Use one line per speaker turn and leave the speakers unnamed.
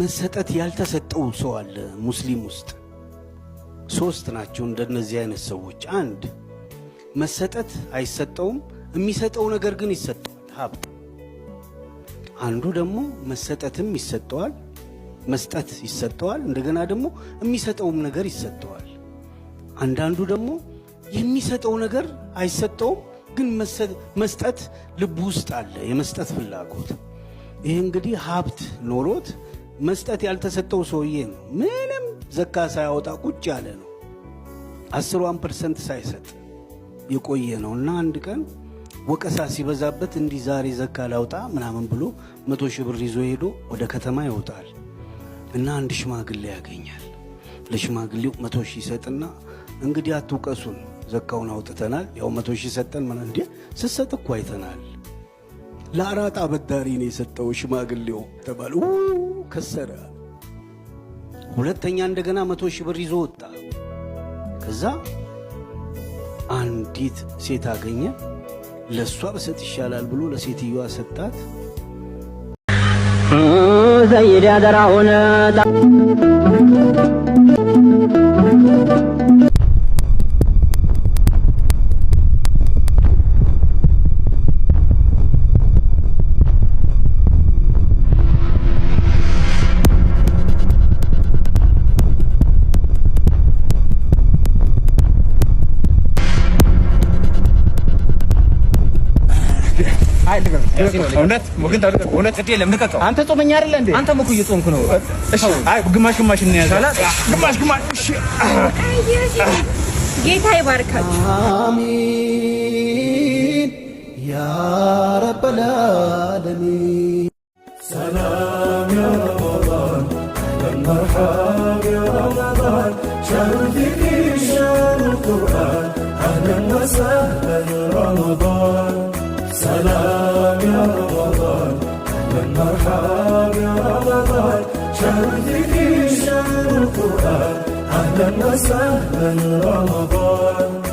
መሰጠት ያልተሰጠው ሰው አለ ሙስሊም ውስጥ። ሶስት ናቸው እንደነዚህ አይነት ሰዎች። አንድ መሰጠት አይሰጠውም፣ የሚሰጠው ነገር ግን ይሰጠዋል ሀብት። አንዱ ደግሞ መሰጠትም ይሰጠዋል፣ መስጠት ይሰጠዋል፣ እንደገና ደግሞ የሚሰጠውም ነገር ይሰጠዋል። አንዳንዱ ደግሞ የሚሰጠው ነገር አይሰጠውም፣ ግን መስጠት ልብ ውስጥ አለ፣ የመስጠት ፍላጎት። ይህ እንግዲህ ሀብት ኖሮት መስጠት ያልተሰጠው ሰውዬ ነው። ምንም ዘካ ሳያወጣ ቁጭ ያለ ነው። አስሯን ፐርሰንት ሳይሰጥ የቆየ ነው እና አንድ ቀን ወቀሳ ሲበዛበት እንዲህ ዛሬ ዘካ ላውጣ ምናምን ብሎ መቶ ሺህ ብር ይዞ ሄዶ ወደ ከተማ ይወጣል እና አንድ ሽማግሌ ያገኛል። ለሽማግሌው መቶ ሺህ ይሰጥና እንግዲህ አትውቀሱን፣ ዘካውን አውጥተናል። ያው መቶ ሺህ ሰጠን። ምን እንዲ ስሰጥ እኮ አይተናል። ለአራጣ በዳሪ ነው የሰጠው ሽማግሌው ተባለ። ከሰረ። ሁለተኛ እንደገና መቶ ሺህ ብር ይዞ ወጣ። ከዛ አንዲት ሴት አገኘ። ለእሷ ብሰጥ ይሻላል ብሎ ለሴትዮዋ ሰጣት። ዘይድ ያደራሁን አንተ ጾመኛ አይደለ እንዴ? አንተም እየጾምኩ ነው። እሺ፣ አይ ግማሽ ግማሽ ጌታ ይባርካችሁ። አሚን ያ ረበል ዓለሚን። ሰላም ያ والمرحب يا رمضان شهر ذكري شهر القرآن أهلا وسهلا رمضان